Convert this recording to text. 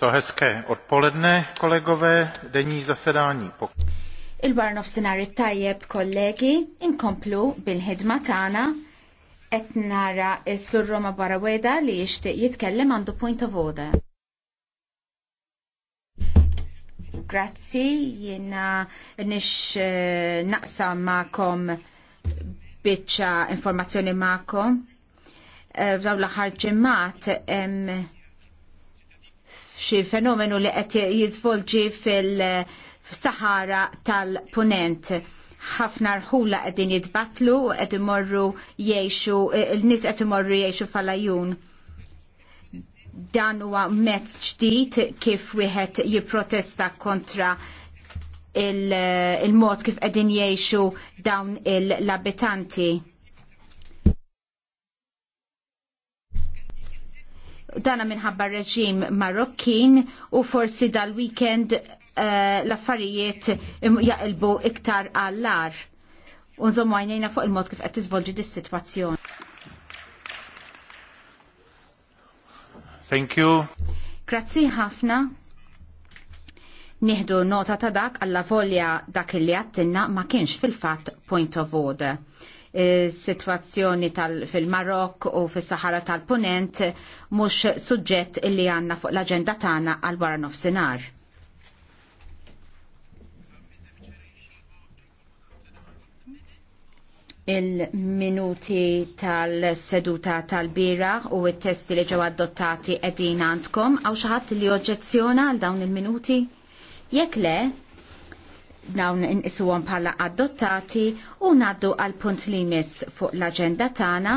So hezké odpoledne, kolegové, denní zasedání. Il-bar nofsinari tajjeb, kollegi, inkomplu bil-ħidma tagħna qed nara s-sur Roma Baraweda li jixtieq jitkellem għandu point of order. Grazzi, jiena nix eh, naqsa ma'kom biċċa informazzjoni ma'kom. Eh, f'dawn l-aħħar xi fenomenu li qed jiżvolġi fil-Sahara tal-Punent ħafna rħula qegħdin jitbatlu u qed imorru jgħixu il-nies qed imorru jgħixu falajun. Dan huwa mezz ġdid kif wieħed jipprotesta kontra il-mod kif qegħdin jgħixu dawn l-abitanti dana minħabba reġim marokkin u forsi dal-weekend uh, l-affarijiet jaqilbu iktar għallar. Unżommu għajnejna fuq il-mod kif qed tiżvolġi dis-sitwazzjoni. Thank you. Grazzi ħafna. Nieħdu nota ta' dak għalla volja dak li għattinna ma kienx fil-fat point of order situazzjoni fil-Marok u fis-Sahara tal-Punent mhux suġġett illi għandna fuq l-aġenda tagħna għal wara nofsinhar. il-minuti tal-seduta tal-bira u il-testi li ġew adottati edin għandkom għaw xaħat li oġġezzjona għal dawn il-minuti? Jekk le, dawn inqisuhom bħala adottati u ngħaddu għal punt li jmiss fuq l-aġenda tagħna